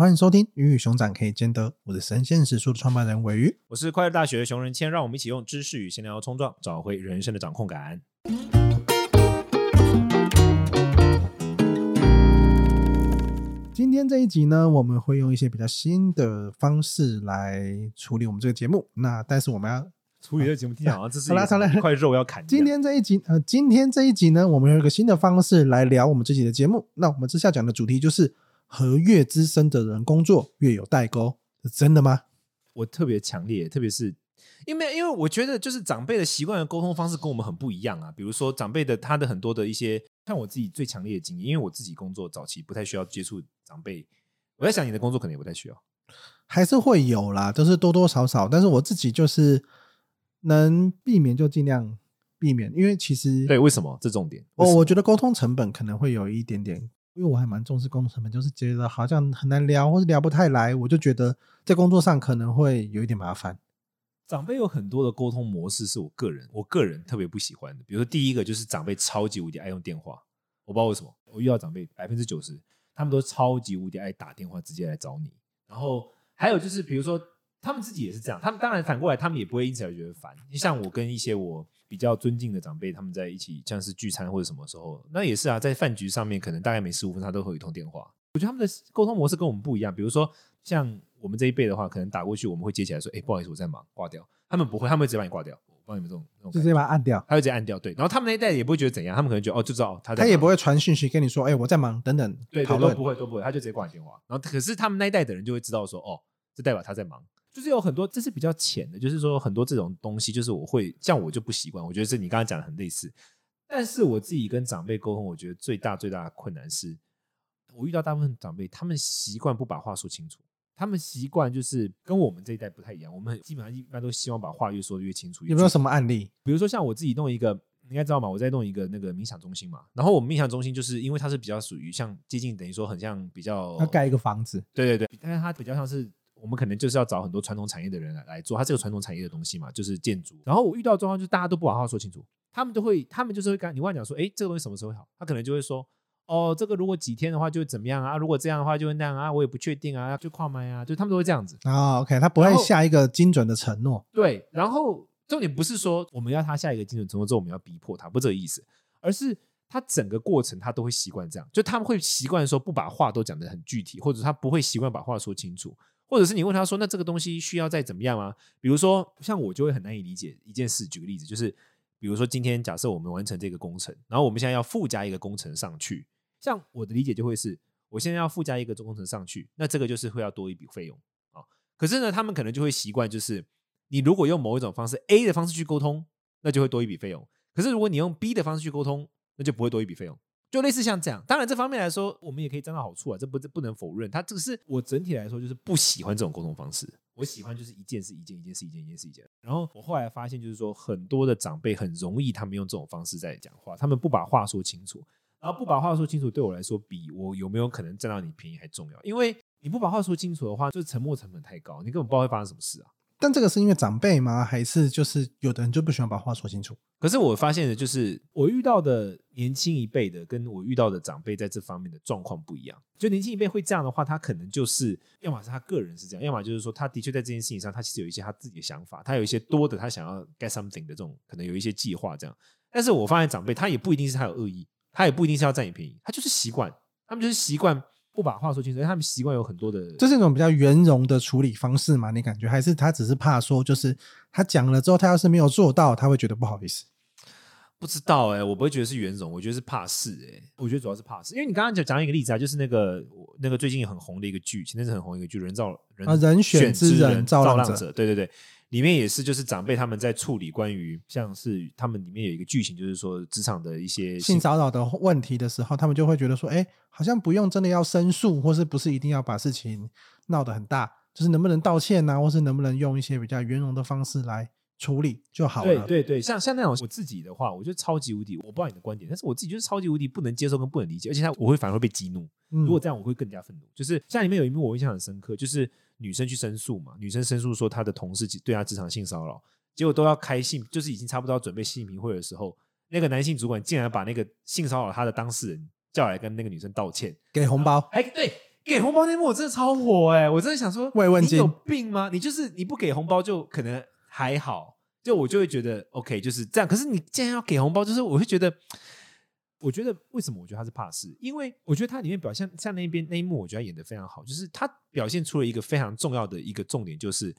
歡迎收聽《魚與熊掌可以兼得》，我是神仙史書的創辦人尾魚，我是快樂大學的熊仁謙，讓我們一起用知識與閒聊衝撞，找回人生的掌控感。今天這一集呢，我們會用一些比較新的方式來處理我們這個節目。那但是我們要處理這個節目，聽好，這是一個塊肉要砍。今天這一集，呃，今天這一集呢，我們用一個新的方式來聊我們這集的節目。那我們這下講的主題就是。和越資深的人工作越有代溝，是真的嗎？我特別強烈，特別是因為，因為我覺得就是長輩的習慣和溝通方式跟我們很不一樣啊。比如說長輩的他的很多的一些，看我自己最強烈的經驗，因為我自己工作早期不太需要接觸長輩，我在想你的工作可能也不太需要，還是會有啦，都、就是多多少少，但是我自己就是能避免就盡量避免，因為其實。對，為什麼這重點？我我覺得溝通成本可能會有一點點。因為我還蠻重視工作成本，就是覺得好像很難聊，或者聊不太來，我就覺得在工作上可能會有一點麻煩。長輩有很多的溝通模式是我個人，我個人特別不喜歡的。比如說第一個就是長輩超級無敵愛用電話，我不知道為什麼，我遇到長輩百分之九十，他們都超級無敵愛打電話直接來找你。然後還有就是比如說他們自己也是這樣，他們當然反過來他們也不會因此而覺得煩。你像我跟一些我。比較尊敬的長輩，他們在一起像是聚餐或者什麼時候，那也是啊，在飯局上面可能大概每十五分鐘他都會有一通電話。我覺得他們的溝通模式跟我們不一樣。比如說像我們這一輩的話，可能打過去我們會接起來說：“哎、欸，不好意思，我在忙，掛掉。”他們不會，他們會直接把你掛掉，我幫你們這種，種就直接把他按掉，他會直接按掉。對，然後他們那一代也不會覺得怎樣，他們可能覺得哦，就知道他，他也不會傳訊息跟你說：“哎、欸，我在忙，等等。”對，對，討論不會，都不會，他就直接掛你電話。然後，可是他們那一代的人就會知道說：“哦，這代表他在忙。”就是有很多，這是比較淺的，就是說很多這種東西，就是我會，像我就不習慣。我覺得是你剛剛講的很類似，但是我自己跟長輩溝通，我覺得最大最大的困難是，我遇到大部分長輩，他們習慣不把話說清楚，他們習慣就是跟我們這一代不太一樣。我們基本上一般都希望把話越說越清楚。有沒有什麼案例？比如說像我自己弄一個，你應該知道嗎？我在弄一個那個冥想中心嘛。然後我們冥想中心就是因為它是比較屬於像接近等於說很像比較要蓋一個房子。對對對，但是它比較像是。我們可能就是要找很多傳統產業的人來來做，它，這個傳統產業的東西嘛，就是建築。然後我遇到的狀況就大家都不把話說清楚，他們就會，他們就是會跟你亂講說，哎，這個東西什麼時候會好？他可能就會說，哦，這個如果幾天的話就會怎麼樣啊？如果這樣的話就會那樣啊，我也不確定啊，要去跨賣啊，就他們都會這樣子啊。OK，他不會下一個精準的承諾。對，然後重點不是說我們要他下一個精準承諾之後我們要逼迫他，不是這個意思，而是他整個過程他都會習慣這樣，就他們會習慣說不把話都講得很具體，或者他不會習慣把話說清楚。或者是你問他說，那這個東西需要再怎麼樣嗎？比如說，像我就會很難以理解一件事。舉個例子，就是比如說今天假設我們完成這個工程，然後我們現在要附加一個工程上去，像我的理解就會是，我現在要附加一個工程上去，那這個就是會要多一筆費用啊，哦。可是呢，他們可能就會習慣，就是你如果用某一種方式 A 的方式去溝通，那就會多一筆費用。可是如果你用 B 的方式去溝通，那就不會多一筆費用。就類似像這樣，當然這方面來說，我們也可以佔到好處啊，這不，這不能否認。他只是我整體來說，就是不喜歡這種溝通方式。我喜歡就是一件是一件，一件是一件，一件是一件。然後我後來發現，就是說很多的長輩很容易，他們用這種方式在講話，他們不把話說清楚，然後不把話說清楚，對我來說，比我有沒有可能佔到你便宜還重要。因為你不把話說清楚的話，就是沉沒成本太高，你根本不知道會發生什麼事啊。但這個是因為長輩嗎？還是就是有的人就不喜歡把話說清楚？可是我發現的就是，我遇到的年輕一輩的跟我遇到的長輩在這方面的狀況不一樣。就年輕一輩會這樣的話，他可能就是要麼是他個人是這樣，要麼就是說他的確在這件事情上，他其實有一些他自己的想法，他有一些多的，他想要 get something 的這種，可能有一些計劃這樣。但是我發現長輩，他也不一定是他有惡意，他也不一定是要占你便宜，他就是習慣，他們就是習慣。不把話說清楚，因為他們習慣有很多的，這是一種比較圓融的處理方式嘛？你感覺還是他只是怕說，就是他講了之後，他要是沒有做到，他會覺得不好意思。不知道哎、欸，我不會覺得是圓融，我覺得是怕事哎、欸，我覺得主要是怕事。因為你剛剛講講一個例子啊，就是那個那個最近很紅的一個劇，現在是很紅一個劇《人造人選之人造浪者》啊，人選之人造浪者，對對對。裡面也是，就是長輩他們在處理關於像是他們裡面有一個劇情，就是說職場的一些性騷擾的問題的時候，他們就會覺得說，哎、欸，好像不用真的要申訴，或是不是一定要把事情鬧得很大，就是能不能道歉吶、啊，或是能不能用一些比較圓融的方式來處理就好了。對對對，像像那種我自己的話，我就超級無敵，我不知道你的觀點，但是我自己就是超級無敵不能接受跟不能理解，而且他我會反而會被激怒、嗯。如果這樣我會更加憤怒。就是像裡面有一幕我印象很深刻，就是。女生去申訴嘛？女生申訴說她的同事對她職場性騷擾，結果都要開性，就是已經差不多要準備性平會的時候，那個男性主管竟然把那個性騷擾她的當事人叫來跟那個女生道歉，給紅包。哎、欸，對，給紅包那幕我真的超火哎、欸，我真的想說，魏萬金你有病嗎？你就是你不給紅包就可能還好，就我就會覺得 OK 就是這樣。可是你既然要給紅包，就是我會覺得。我覺得為什麼？我覺得他是怕事，因為我覺得他裡面表現像那邊那一幕，我覺得他演得非常好。就是他表現出了一個非常重要的一個重點，就是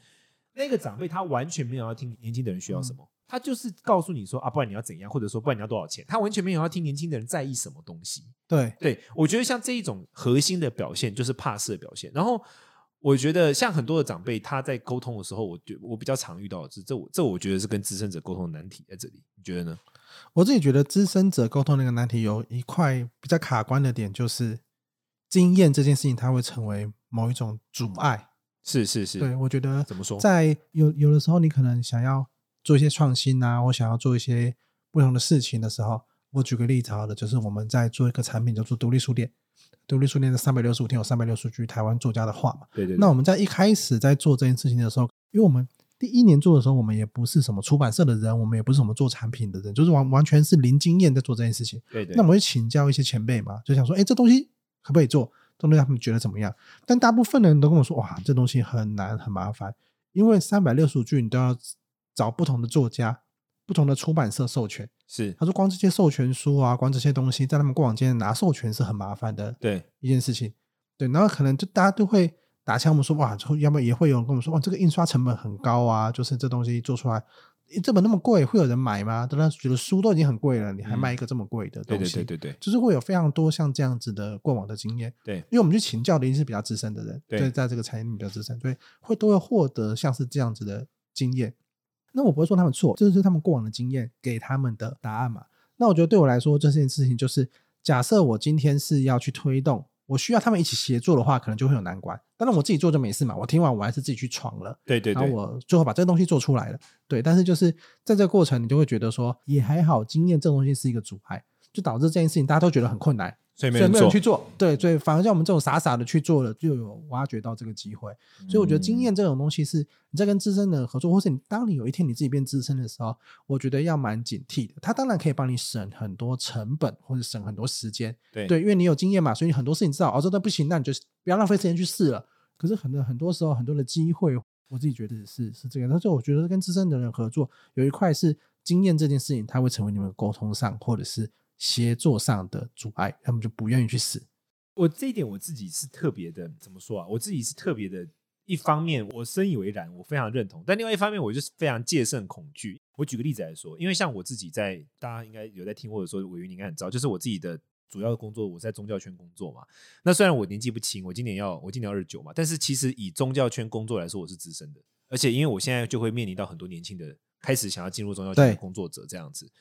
那個長輩他完全沒有要聽年輕的人需要什麼，嗯、他就是告訴你說啊，不然你要怎樣，或者說不然你要多少錢，他完全沒有要聽年輕的人在意什麼東西。對對，我覺得像這一種核心的表現就是怕事的表現。然後我覺得像很多的長輩，他在溝通的時候，我覺得我比較常遇到的是這我這我覺得是跟資深者溝通的難題在這裡，你覺得呢？我自己覺得資深者溝通那個難題，有一塊比較卡關的點，就是經驗這件事情，它會成為某一種阻礙。是是是。對，對我覺得怎麼說，在有有的時候，你可能想要做一些創新啊，或想要做一些不同的事情的時候，我舉個例子好了，就是我們在做一個產品，就是、做獨立書店。獨立書店的三百六十五天有三百六十句台灣作家的話嘛？對對，對。那我們在一開始在做這件事情的時候，因為我們。第一年做的時候，我們也不是什麼出版社的人，我們也不是什麼做產品的人，就是完完全是零經驗在做這件事情。對對。那我們就請教一些前輩嘛，就想說，哎、欸，這東西可不可以做？都讓他們覺得怎麼樣？但大部分人都跟我說，哇，這東西很難很麻煩，因為三百六十五句你都要找不同的作家、不同的出版社授權。是，他說光這些授權書啊，光這些東西，在他們過往間拿授權是很麻煩的。對一件事情，對，對，然後可能就大家都會。打槍，我們說哇，之後，要不然也會有人跟我們說哇，這個印刷成本很高啊，就是這東西做出來，這本那麼貴，會有人買嗎？當然覺得書都已經很貴了，你還賣一個這麼貴的東西、嗯，對對對對，對，對，就是會有非常多像這樣子的過往的經驗，對，因為我們去請教的一定是比較資深的人，對，就在這個產業裡面比較資深，對，會都會獲得像是這樣子的經驗。那我不會說他們錯，這、就是他們過往的經驗給他們的答案嘛。那我覺得對我來說，這件事情就是假設我今天是要去推動。我需要他們一起協作的話，可能就會有難關。當然我自己做就沒事嘛。我聽完我還是自己去闖了。對對對。然後我最後把這個東西做出來了。對，但是就是在這個過程，你就會覺得說也還好，經驗這東西是一個阻礙，就導致這件事情大家都覺得很困難。所以沒有去做，對，所以反而像我們這種傻傻的去做了，就有挖掘到這個機會。所以我覺得經驗這種東西是你在跟資深的人合作，或是你當你有一天你自己變資深的時候，我覺得要蠻警惕的。他當然可以幫你省很多成本，或者省很多時間，對，因為你有經驗嘛，所以你很多事情知道哦，這都不行，那你就不要浪費時間去試了。可是很多很多時候很多的機會，我自己覺得是是這樣。但是我覺得跟資深的人合作，有一塊是經驗這件事情，它會成為你們的溝通上或者是。協作上的阻礙，他們就不願意去試。我這一點我自己是特別的，怎麼說啊？我自己是特別的，一方面我深以為然，我非常認同；但另外一方面，我就是非常戒慎恐懼。我舉個例子來說，因為像我自己在大家應該有在聽，或者說瑋瑜你應該很知道，就是我自己的主要的工作，我在宗教圈工作嘛。那雖然我年紀不輕，我今年要我今年二十九嘛，但是其實以宗教圈工作來說，我是資深的。而且因為我現在就會面臨到很多年輕的開始想要進入宗教圈的工作者，這樣子。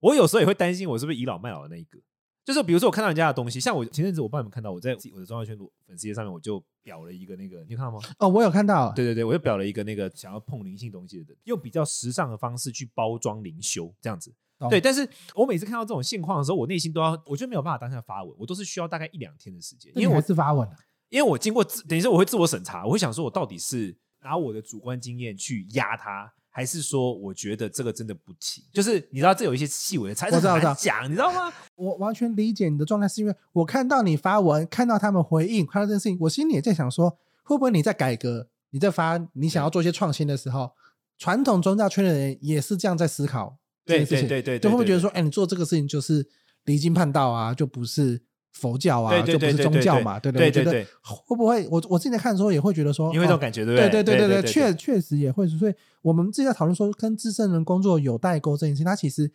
我有時候也會擔心，我是不是倚老賣老的那一個？就是比如說，我看到人家的東西，像我前陣子我幫你們看到我在我的朋友圈、粉絲頁上面，我就表了一個那個，你看到嗎？哦，我有看到。對對對，我就表了一個那個想要碰靈性東西的人，用比較時尚的方式去包裝靈修這樣子。對，但是我每次看到這種現況的時候，我內心都要，我就沒有辦法當下發文，我都是需要大概一兩天的時間，因為我是發文的，因為我經過自，等於是我會自我審查，我會想說我到底是拿我的主觀經驗去壓他。還是說，我覺得這個真的不行。就是你知道，這有一些細微的猜測難講，你知道嗎？我知道。我完全理解你的狀態，是因為我看到你發文，看到他們回應，看到這件事情，我心裡也在想說，會不會你在改革，你在發，你想要做一些創新的時候，傳統宗教圈的人也是這樣在思考這件事情，對對對對，對，就會不會覺得說，哎，欸，你做這個事情就是離經叛道啊？就不是。佛教啊，就不是宗教嘛？對不對？覺得會不會？我我自己在看的時候，也會覺得說，因為這種感覺，對不對？對對對對對，確確實也會。所以，我們自己在討論說，跟資深人工作有代溝這件事情，它其實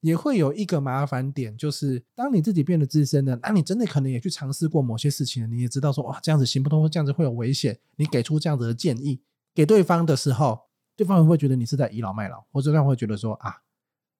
也會有一個麻煩點，就是當你自己變得資深的、啊，那你真的可能也去嘗試過某些事情，你也知道說，哇，這樣子行不通，這樣子會有危險。你給出這樣子的建議給對方的時候，對方會不會覺得你是在倚老賣老，或者讓會覺得說啊，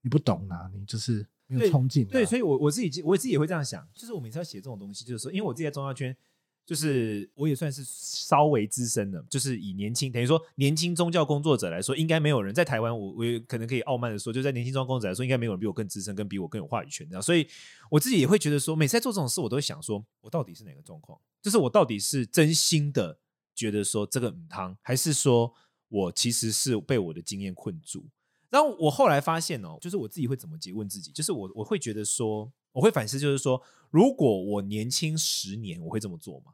你不懂啊，你就是。對，對，所以我，我我自己我自己也會這樣想，就是我每次要寫這種東西，就是說，因為我自己在宗教圈，就是我也算是稍微資深的，就是以年輕，等於說年輕宗教工作者來說，應該沒有人在台灣我，我我可能可以傲慢地說，就在年輕宗教工作者來說，應該沒有人比我更資深，跟比我更有話語權這樣，所以我自己也會覺得說，每次在做這種事，我都會想說，我到底是哪個狀況？就是我到底是真心的覺得說這個母湯，還是說我其實是被我的經驗困住？然後我後來發現哦，就是我自己會怎麼詰問自己，就是我我會覺得說，我會反思，就是說，如果我年輕十年，我會這麼做嗎？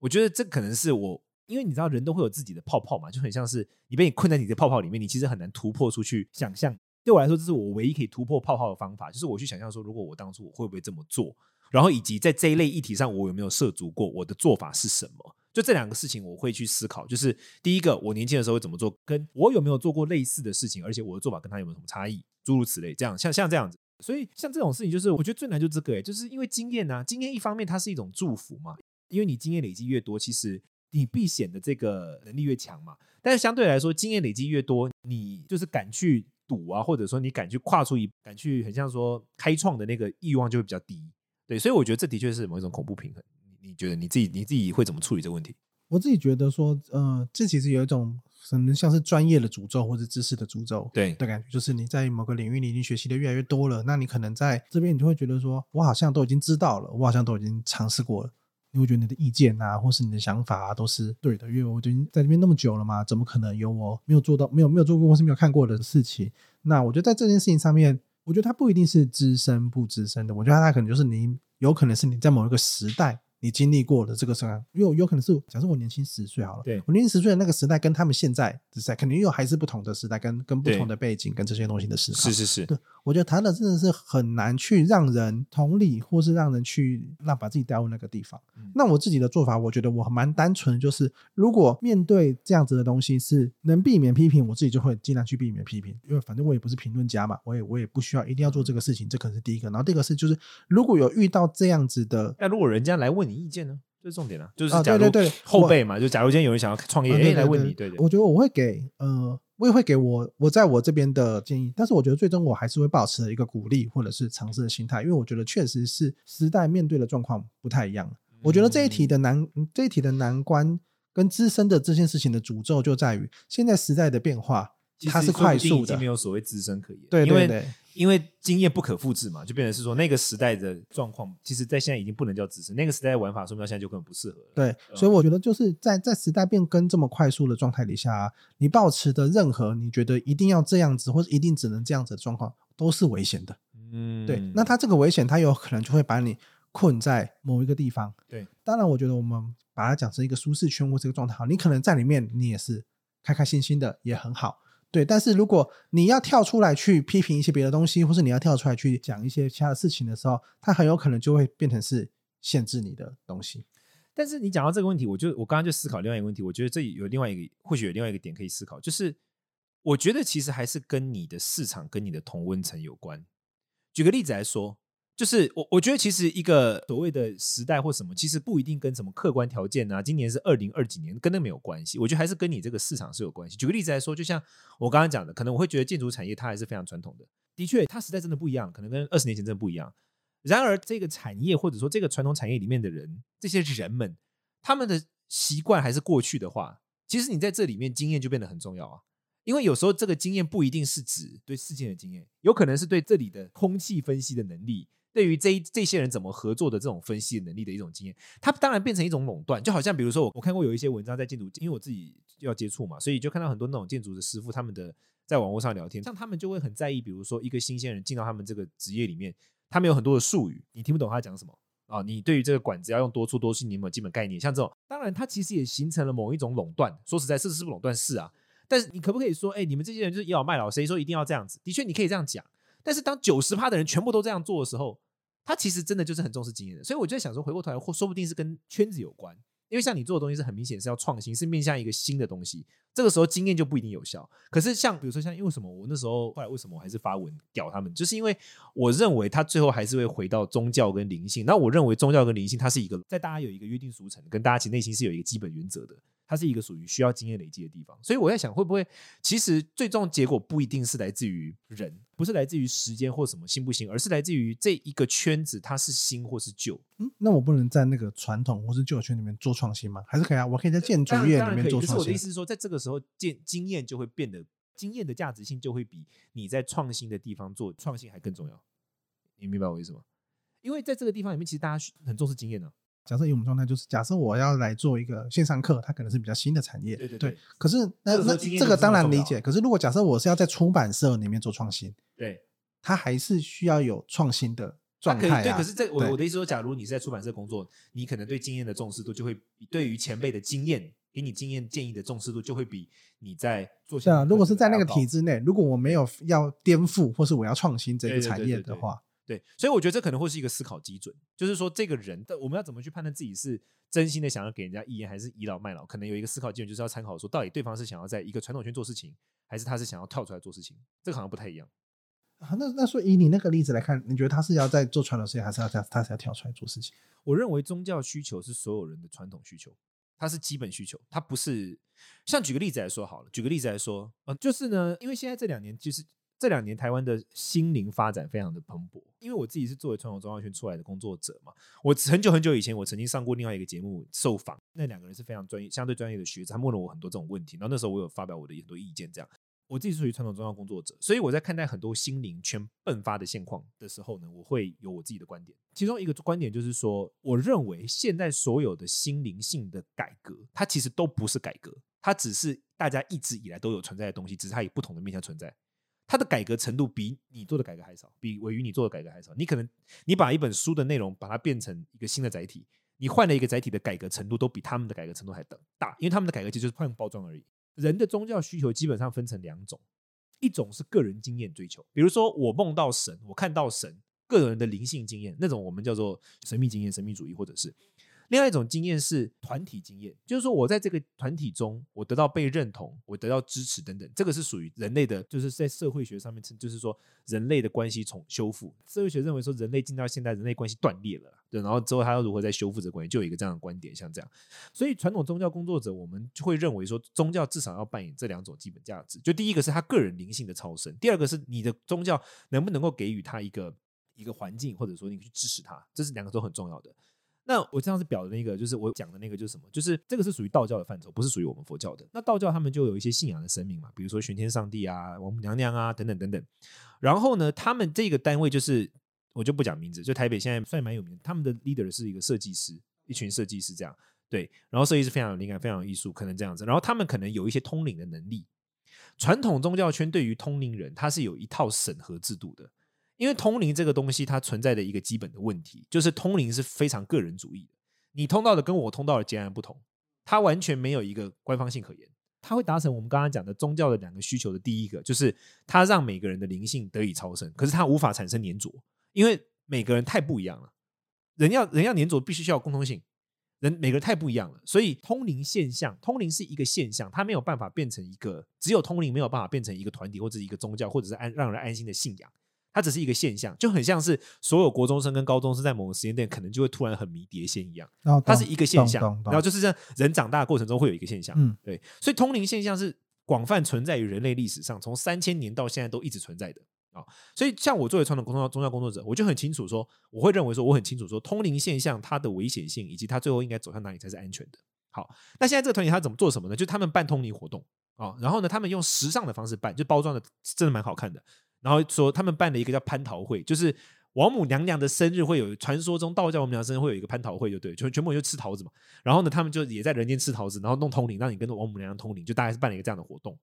我覺得這可能是我，因為你知道，人都會有自己的泡泡嘛，就很像是你被你困在你的泡泡裡面，你其實很難突破出去。想象對我來說，這是我唯一可以突破泡泡的方法，就是我去想象說，如果我當初我會不會這麼做，然後以及在這一類議題上，我有沒有涉足過，我的做法是什麼？就這兩個事情，我會去思考。就是第一個，我年輕的時候會怎麼做？跟我有沒有做過類似的事情？而且我的做法跟他有沒有什麼差異？諸如此類，這樣像像這樣子。所以像這種事情，就是我覺得最難就這個、欸，就是因為經驗啊。經驗一方面它是一種祝福嘛，因為你經驗累積越多，其實你避險的這個能力越強嘛。但是相對來說，經驗累積越多，你就是敢去賭啊，或者說你敢去跨出一，敢去很像說開創的那個慾望就會比較低。對，所以我覺得這的確是某一種恐怖平衡。你覺得你自己你自己會怎麼處理這個問題？我自己覺得說，呃，這其實有一種可能像是專業的詛咒或者知識的詛咒，對的感覺，就是你在某個領域你已經學習的越來越多了，那你可能在這邊你就會覺得說，我好像都已經知道了，我好像都已經嘗試過了，你會覺得你的意見啊，或是你的想法啊都是對的，因為我覺得你在這邊那麼久了嘛，怎麼可能有我沒有做到沒有沒有做過或是沒有看過的事情？那我覺得在這件事情上面，我覺得它不一定是資深不資深的，我覺得它可能就是你有可能是你在某一個時代，你經歷過的這個事，因為有可能是假設我年輕十歲好了，對，我年輕十歲的那個時代跟他們現在在肯定又還是不同的時代，跟跟不同的背景跟這些東西的市場，是是是。對，我覺得談的真的是很難去讓人同理，或是讓人去讓把自己帶入那個地方、嗯。那我自己的做法，我覺得我蠻單純，就是如果面對這樣子的東西是能避免批評，我自己就會盡量去避免批評，因為反正我也不是評論家嘛，我也我也不需要一定要做這個事情，這可能是第一個。然後第二個是就是如果有遇到這樣子的、嗯，那、嗯、如果人家來問你。意見呢、啊？這、就是重點啊！就是假如、啊、對對對後輩嘛，就假如今天有人想要創業，哎、嗯、來問你，對對我覺得我會給，呃、我也會給我我在我這邊的建議。但是我覺得最終我還是會保持一個鼓勵或者是嘗試的心態，因為我覺得確實是時代面對的狀況不太一樣了、嗯、我覺得這一題的難，嗯、這一題的難關跟資深的這件事情的詛咒就在於現在時代的變化，它是快速的，沒有所謂資深可言。對，對對。因為經驗不可複製嘛，就變成是說那個時代的狀況，其實在現在已經不能叫知識，那個時代的玩法，放到現在就根本不適合。對，所以我覺得就是在在時代變更這麼快速的狀態底下啊，你保持的任何你覺得一定要這樣子，或者一定只能這樣子的狀況，都是危險的。嗯，對。那他這個危險，他有可能就會把你困在某一個地方。對，當然，我覺得我們把它講成一個舒適圈或這個狀態好，你可能在裡面，你也是開開心心的，也很好。對，但是如果你要跳出來去批評一些別的東西，或是你要跳出來去講一些其他的事情的時候，它很有可能就會變成是限制你的東西。但是你講到這個問題，我就我剛剛就思考另外一個問題，我覺得這裡有另外一個，或許有另外一個點可以思考，就是我覺得其實還是跟你的市場，跟你的同溫層有關。舉個例子來說。就是我，我覺得其實一個所謂的時代或什麼，其實不一定跟什麼客觀條件啊。今年是二零二幾年，跟那沒有關係。我覺得還是跟你這個市場是有關係。舉個例子來說，就像我剛剛講的，可能我會覺得建築產業它還是非常傳統的。的確，它時代真的不一樣，可能跟二十年前真的不一樣。然而，這個產業或者說這個傳統產業裡面的人，這些人們他們的習慣還是過去的話，其實你在這裡面經驗就變得很重要啊。因為有時候這個經驗不一定是指對事件的經驗，有可能是對這裡的空氣分析的能力。對於這這些人怎麼合作的這種分析能力的一種經驗，它當然變成一種壟斷，就好像比如說我我看過有一些文章在建築，因為我自己要接觸嘛，所以就看到很多那種建築的師傅他們的在網絡上聊天，像他們就會很在意，比如說一個新鮮人進到他們這個職業裡面，他們有很多的術語，你聽不懂他講什麼啊、哦？你對於這個管子要用多粗多細，你有沒有基本概念？像這種，當然它其實也形成了某一種壟斷，說實在，是不是壟斷是啊？但是你可不可以說，哎，你們這些人就是倚老賣老，誰說一定要這樣子？的確你可以這樣講，但是當九十趴的人全部都這樣做的時候。他其實真的就是很重視經驗的，所以我就在想說，回過頭來，或說不定是跟圈子有關，因為像你做的東西是很明顯是要創新，是面向一個新的東西，這個時候經驗就不一定有效。可是像比如說像，因為，為什麼，我那時候後來為什麼我還是發文屌他們，就是因為我認為他最後還是會回到宗教跟靈性。那我認為宗教跟靈性，它是一個在大家有一個約定俗成，跟大家其實內心是有一個基本原則的。它是一個屬於需要經驗累積的地方，所以我在想，會不會其實最終結果不一定是來自於人，不是來自於時間或什麼新不新，而是來自於這一個圈子它是新或是舊。嗯，那我不能在那個傳統或是舊圈裡面做創新嗎？還是可以啊？我可以在建築業裡面做創新。是我的意思是說，在這個時候，經經驗就會變得經驗的價值性就會比你在創新的地方做創新還更重要。你明白我的意思嗎？因為在這個地方裡面，其實大家很重視經驗的。假設有某種狀態，就是假設我要來做一個線上課，它可能是比較新的產業。對對對。對，可是那那這個當然理解。可是如果假設我是要在出版社裡面做創新，對，它還是需要有創新的狀態啊。對，可是這我我的意思說，假如你是在出版社工作，你可能對經驗的重視度就會，對於前輩的經驗、給你經驗建議的重視度就會比你在做、啊。像如果是在那個體制內，如果我沒有要顛覆或是我要創新這個產業的話。對對對對對對。對，所以我覺得這可能會是一個思考基準，就是說，這個人，的我們要怎麼去判斷自己是真心的想要給人家意見，還是倚老賣老？可能有一個思考基準，就是要參考說，到底對方是想要在一個傳統圈做事情，還是他是想要跳出來做事情？這個好像不太一樣。啊、那那所以，以你那個例子來看，你覺得他是要在做傳統事情，還是要他他是要跳出來做事情？我認為宗教需求是所有人的傳統需求，它是基本需求，它不是像舉個例子來說好了，舉個例子來說，嗯、啊，就是呢，因為現在這兩年，其實。這兩年台灣的心靈發展非常的蓬勃，因為我自己是作為傳統中藥圈出來的工作者嘛，我很久很久以前我曾經上過另外一個節目受訪，那兩個人是非常專業、相對專業的學者，他問了我很多這種問題，然後那時候我有發表我的很多意見這樣，我自己是屬於傳統中藥工作者，所以我在看待很多心靈圈迸發的現況的時候呢，我會有我自己的觀點。其中一個觀點就是說，我認為現在所有的心靈性的改革，它其實都不是改革，它只是大家一直以來都有存在的東西，只是它以不同的面向存在。它的改革程度比你做的改革還少，比我與你做的改革還少。你可能你把一本書的內容把它變成一個新的載體，你換了一個載體的改革程度都比他們的改革程度還等大，因為他們的改革其實就是換包裝而已。人的宗教需求基本上分成兩種，一種是個人經驗追求，比如說我夢到神，我看到神，個人的靈性經驗那種，我們叫做神秘經驗、神秘主義，或者是。另外一種經驗是團體經驗，就是說我在這個團體中，我得到被認同，我得到支持等等，這個是屬於人類的，就是在社會學上面稱，就是說人類的關係重修復。社會學認為說，人類進到現在，人類關係斷裂了，對，然後之後他要如何再修復這個關係，就有一個這樣的觀點，像這樣。所以傳統宗教工作者，我們就會認為說，宗教至少要扮演這兩種基本價值，就第一個是他個人靈性的超生，第二個是你的宗教能不能夠給予他一個一個環境，或者說你去支持他，這是兩個都很重要的。那我這樣子表的那個，就是我講的那個，就是什麼？就是這個是屬於道教的範疇，不是屬於我們佛教的。那道教他們就有一些信仰的神明嘛，比如說玄天上帝啊、王母娘娘啊等等等等。然後呢，他們這個單位就是我就不講名字，就台北現在算蠻有名，他們的 leader 是一個設計師，一群設計師這樣對。然後設計師非常有靈感，非常有藝術，可能這樣子。然後他們可能有一些通靈的能力。傳統宗教圈對於通靈人，他是有一套審核制度的。因為通靈這個東西，它存在的一個基本的問題，就是通靈是非常個人主義的。你通道的跟我通道的截然不同，它完全沒有一個官方性可言。它會達成我們剛剛講的宗教的兩個需求的第一個，就是它讓每個人的靈性得以超生。可是它無法產生粘着，因為每個人太不一樣了。人要，人要粘着，必須需要共通性。人，每個人太不一樣了，所以通靈現象，通靈是一個現象，它沒有辦法變成一個，只有通靈沒有辦法變成一個團體或者一個宗教，或者是安，讓人安心的信仰。它只是一個現象，就很像是所有國中生跟高中生在某個時間點，可能就會突然很迷碟仙一樣、哦。它是一個現象，然後就是這樣，人長大的過程中會有一個現象。嗯，對。所以通靈現象是廣泛存在於人類歷史上，從三千年到現在都一直存在的啊、哦。所以像我作為傳統宗教工作者，我就很清楚說，我會認為說，我很清楚說，通靈現象它的危險性以及它最後應該走向哪裡才是安全的。好、哦，那現在這個團體他怎麼做什麼呢？就他們辦通靈活動啊、哦，然後呢，他們用時尚的方式辦，就包裝的真的蠻好看的。然後說他們辦了一個叫蟠桃會，就是王母娘娘的生日會有傳說中道教王母娘娘生日會有一個蟠桃會，就對，全全部就吃桃子嘛。然後呢，他們就也在人間吃桃子，然後弄通靈，讓你跟着王母娘娘通靈，就大概是辦了一個這樣的活動。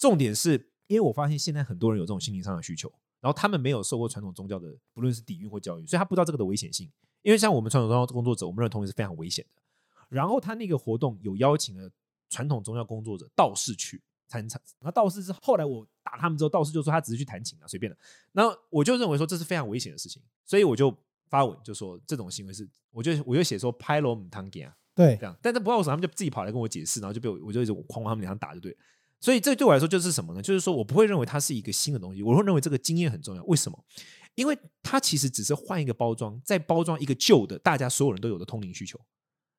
重點是，因為我發現現在很多人有這種心靈上的需求，然後他們沒有受過傳統宗教的，不論是底蘊或教育，所以他不知道這個的危險性。因為像我們傳統宗教工作者，我們認為通靈是非常危險的。然後他那個活動有邀請了傳統宗教工作者道士去。才能產生，那道士是後來我打他們之後，道士就說他只是去彈琴啊，隨便的。然後我就認為說，這是非常危險的事情，所以我就發文就說這種行為是，我就我就寫說 o m 母湯 n 啊，對，這樣。但是不知道為什麼他們就自己跑來跟我解釋，然後就被我我就一直哐哐他們兩上打就對。所以這對我來說就是什麼呢？就是說我不會認為它是一個新的東西，我會認為這個經驗很重要。為什麼？因為它其實只是換一個包裝，再包裝一個舊的，大家所有人都有的通靈需求。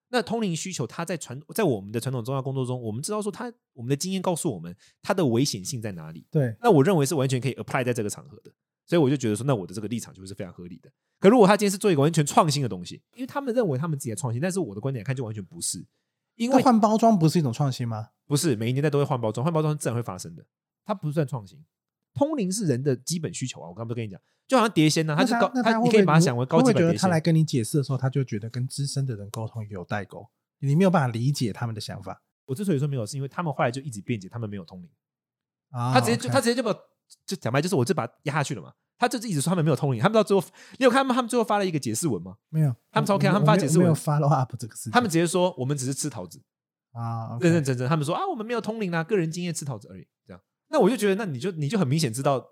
那通靈需求，它在傳在我們的傳統宗教工作中，我們知道說它，我們的經驗告訴我們它的危險性在哪裡。對，那我認為是完全可以 apply 在這個場合的，所以我就覺得說，那我的這個立場就是非常合理的。可如果他今天是做一個完全創新的東西，因為他們認為他們自己在創新，但是我的觀點看就完全不是，因為換包裝不是一種創新嗎？不是，每一年代都會換包裝，換包裝自然會發生的，它不算創新。通靈是人的基本需求啊，我剛才跟你講。就好像碟仙呢，他就是高他會會，他你可以把他想為高級碟仙。我覺得他來跟你解釋的時候，他就覺得跟資深的人溝通有代溝，你沒有辦法理解他們的想法。我之所以說沒有，是因為他們後來就一直辯解他們沒有通靈啊、哦。他直接就、哦 okay、他直接就把就講白，就是我這把壓下去了嘛。他就是一直說他們沒有通靈，他們到最後，你有看他們他們最後發了一個解釋文嗎？沒有，他們超看、OK, 他們發解釋文沒有 follow up 這個事，他們直接說我們只是吃桃子啊，認認真真。Okay、人人人人他們說啊，我們沒有通靈啊，個人經驗吃桃子而已。這樣，那我就覺得，那你就你就很明顯知道。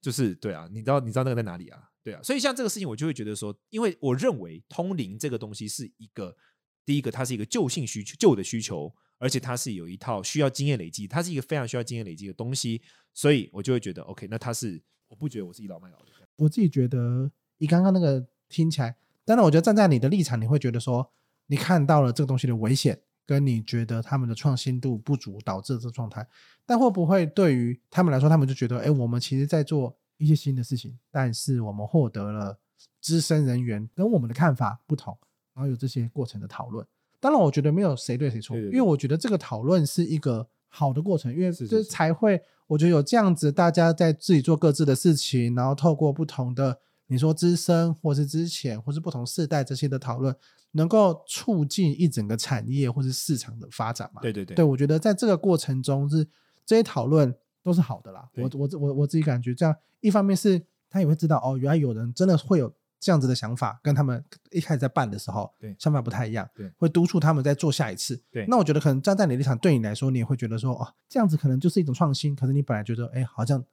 就是對啊，你知道你知道那個在哪裡啊？對啊，所以像這個事情，我就會覺得說，因為我認為通靈這個東西是一個，第一個它是一個舊性需求，舊的需求，而且它是有一套需要經驗累積，它是一個非常需要經驗累積的東西，所以我就會覺得，OK，那它是我不覺得我是倚老賣老的。我自己覺得你剛剛那個聽起來，當然我覺得站在你的立場，你會覺得說你看到了這個東西的危險。跟你覺得他們的創新度不足導致的這狀態，但會不會對於他們來說，他們就覺得，哎，我們其實在做一些新的事情，但是我們獲得了資深人員跟我們的看法不同，然後有這些過程的討論。當然，我覺得沒有誰對誰錯，因為我覺得這個討論是一個好的過程，因為這才會我覺得有這樣子大家在自己做各自的事情，然後透過不同的。你說資深，或是之前，或是不同世代這些的討論，能夠促進一整個產業或是市場的發展嘛？對對對，對我覺得在這個過程中是，是這些討論都是好的啦。我我我我自己感覺這樣，一方面是他也會知道哦，原來有人真的會有這樣子的想法，跟他們一開始在辦的時候，對想法不太一樣，會督促他們再做下一次。對，那我覺得可能站在你的立場，對你來說，你也會覺得說，哦，這樣子可能就是一種創新，可是你本來覺得，哎，好像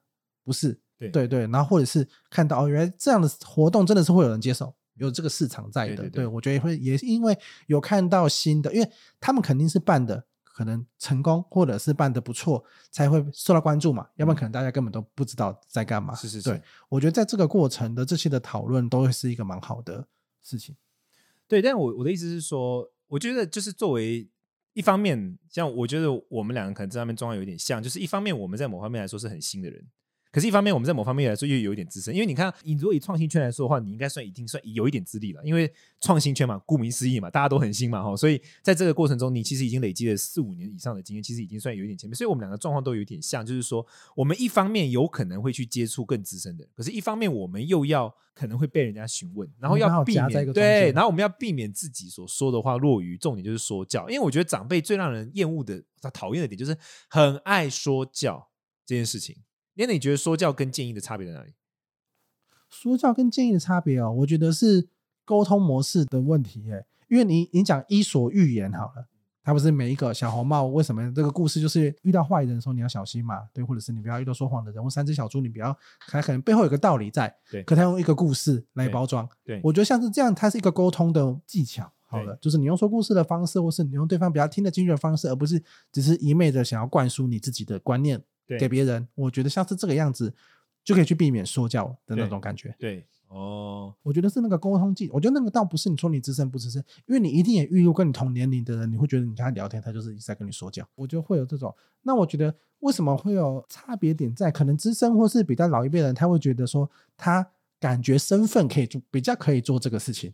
不是。對，對對，然後或者是看到哦，原來這樣的活動真的是會有人接受，有這個市場在的。對，對，對，對，我覺得會也會，也因為有看到新的，因為他們肯定是辦的可能成功，或者是辦的不錯才會受到關注嘛，要不然可能大家根本都不知道在幹嘛。嗯、是是是對，我覺得在這個過程的這些的討論都會是一個蠻好的事情。對，但我我的意思是說，我覺得就是作為一方面，像我覺得我們兩個可能這方面狀況有點像，就是一方面我們在某方面來說是很新的人。可是，一方面我們在某方面來說又有一點資深，因為你看，你如果以創新圈來說的話，你應該算已經算有一點資歷了。因為創新圈嘛，顧名思義嘛，大家都很新嘛，吼。所以在這個過程中，你其實已經累積了四五年以上的經驗，其實已經算有一點前面。所以，我們兩個狀況都有點像，就是說，我們一方面有可能會去接觸更資深的，可是一方面我們又要可能會被人家詢問，然後要避免。對，然後我們要避免自己所說的話落於重點就是說教。因為我覺得長輩最讓人厭惡的、他討厭的點就是很愛說教這件事情。那你覺得說教跟建議的差別在哪裡？說教跟建議的差別哦、喔，我覺得是溝通模式的問題、欸。因為你你講《伊索寓言》好了、嗯，它不是每一個小紅帽為什麼這個故事就是遇到壞人的時候你要小心嘛？對，或者是你不要遇到說謊的人。或三只小豬，你不要，它可能背後有個道理在。對，可它用一個故事來包裝。對，我覺得像是這樣，它是一個溝通的技巧。好了，就是你用說故事的方式，或是你用對方比較聽得進去的方式，而不是只是一昧的想要灌輸你自己的觀念。對，給別人，我覺得像是這個樣子，就可以去避免說教的那種感覺。對，對哦，我覺得是那個溝通技，我覺得那個倒不是你說你資深不資深，因為你一定也遇到跟你同年齡的人，你會覺得你跟他聊天，他就是一直在跟你說教，我覺得會有這種。那我覺得為什麼會有差別點在？可能資深或是比較老一輩人，他會覺得說他感覺身份可以做，比較可以做這個事情。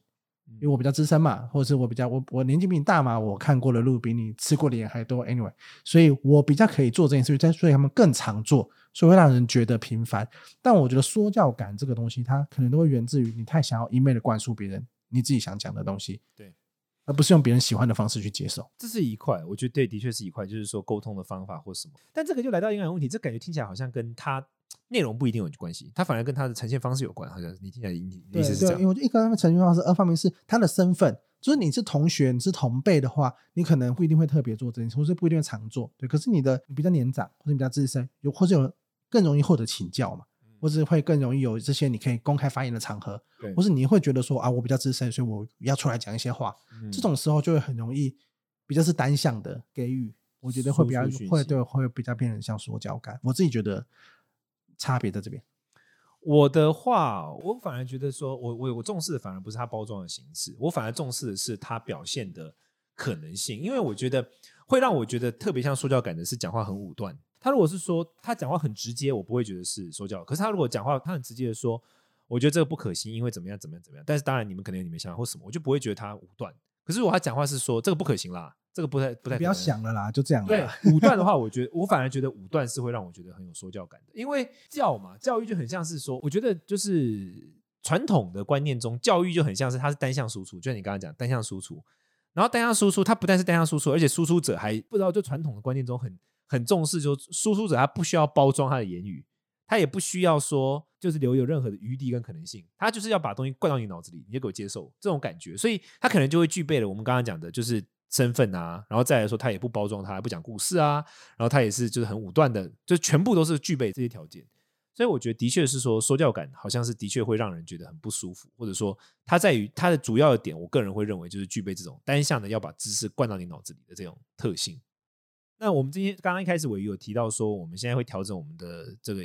因為我比較資深嘛，或者是我比較我我年紀比你大嘛，我看過的路比你吃過的鹽還多。Anyway，所以我比較可以做這件事情，但所以他們更常做，所以會讓人覺得頻繁。但我覺得說教感這個東西，它可能都會源自於你太想要一昧的灌輸別人你自己想講的東西、嗯，對，而不是用別人喜歡的方式去接受。這是一塊，我覺得對，的確是一塊，就是說溝通的方法或什麼。但這個就來到一個問題，這感覺聽起來好像跟他。內容不一定有關係，它反而跟它的呈現方式有關。好像你聽起來意思是這樣，因為一方面呈現方式，二方面是他的身份。就是你是同學，你是同輩的話，你可能不一定會特別做這件事，或者不一定會常做。對，可是你的比較年長或者比較資深，有或者有更容易獲得請教嘛、嗯，或是會更容易有這些你可以公開發言的場合。對，或是你會覺得說啊，我比較資深，所以我要出來講一些話。嗯、這種時候就會很容易比較是單向的給予，我覺得會比較書書會對會比較變成像說教感。我自己覺得。差別在這邊，我的話，我反而覺得說，我我我重視的反而不是他包裝的形式，我反而重視的是他表現的可能性，因為我覺得會讓我覺得特別像說教感的是講話很武斷。他如果是說他講話很直接，我不會覺得是說教。可是他如果講話他很直接的說，我覺得這個不可行，因為怎麼樣怎麼樣怎麼樣。但是當然你們可能有你們想法或什麼，我就不會覺得他武斷。可是我還講話是說這個不可行啦，這個不太不太。不要想了啦，就這樣。對，五段的話，我覺得 我反而覺得五段是會讓我覺得很有說教感的，因為教嘛，教育就很像是說，我覺得就是傳統的觀念中，教育就很像是它是單向輸出，就像你剛剛講單向輸出，然後單向輸出，它不但是單向輸出，而且輸出者還不知道，就傳統的觀念中很很重視，就輸出者他不需要包裝他的言語。他也不需要說，就是留有任何的餘地跟可能性，他就是要把東西灌到你腦子裡，你就給我接受這種感覺，所以他可能就會具備了我們剛剛講的，就是身份啊，然後再來說他也不包裝它，他不講故事啊，然後他也是就是很武斷的，就全部都是具備這些條件，所以我覺得的確是說說教感好像是的確會讓人覺得很不舒服，或者說它在於它的主要的點，我個人會認為就是具備這種單向的要把知識灌到你腦子裡的這種特性。那我們今天剛剛一開始我也有提到說，我們現在會調整我們的這個。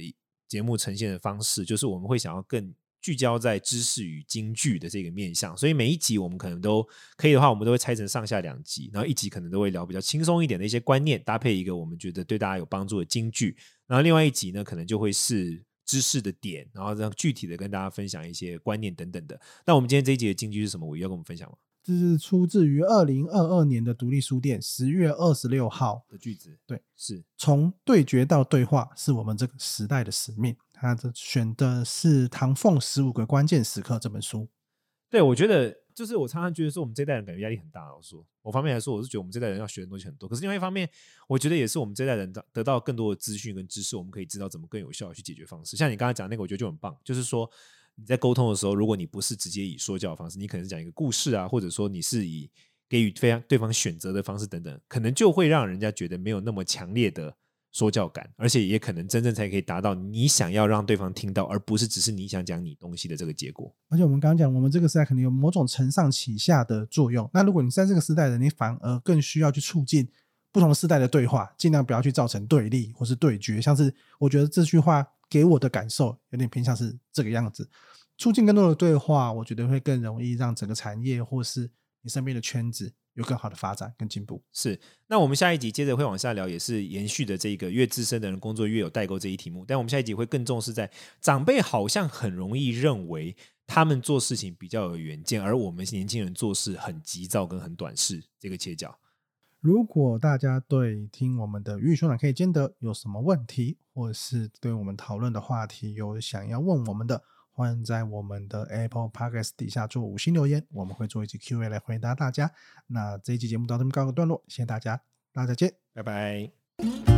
節目呈現的方式就是，我們會想要更聚焦在知識與金句的這個面向，所以每一集我們可能都可以的話，我們都會拆成上下兩集，然後一集可能都會聊比較輕鬆一點的一些觀念，搭配一個我們覺得對大家有幫助的金句，然後另外一集呢，可能就會是知識的點，然後讓具體的跟大家分享一些觀念等等的。那我們今天這一集的金句是什麼？我要跟我們分享嗎？這是出自於二零二二年的獨立書店十月二十六號的句子。對，是從對決到對話，是我們這個時代的使命。他這選的是唐鳳《十五個關鍵時刻》這本書。對，我覺得就是我常常覺得說，我們這代人感覺壓力很大。我說，我方面來說，我是覺得我們這代人要學的東西很多。可是另外一方面，我覺得也是我們這代人得到更多的資訊跟知識，我們可以知道怎麼更有效的去解決方式。像你剛才講的那個，我覺得就很棒，就是說。你在溝通的時候，如果你不是直接以說教的方式，你可能是講一個故事啊，或者說你是以給予對方對方選擇的方式等等，可能就會讓人家覺得沒有那麼強烈的說教感，而且也可能真正才可以達到你想要讓對方聽到，而不是只是你想講你東西的這個結果。而且我們剛剛講，我們這個時代可能有某種承上啟下的作用。那如果你在這個時代的，你反而更需要去促進。不同時代的對話，儘量不要去造成對立或是對決。像是我覺得這句話給我的感受有點偏向是這個樣子，促進更多的對話，我覺得會更容易讓整個產業或是你身邊的圈子有更好的發展跟進步。是。那我們下一集接着會往下聊，也是延續的這個越資深的人工作越有代溝這一題目。但我們下一集會更重視在長輩好像很容易認為他們做事情比較有遠見，而我們年輕人做事很急躁跟很短視這個切角。如果大家對聽我們的魚與熊掌可以兼得，有什麼問題，或者是對我們討論的話題有想要問我們的，歡迎在我們的 Apple Podcast 底下做五星留言，我們會做一集 QA 來回答大家。那這一期節目到這邊告個段落，謝謝大家，大家再見，拜拜。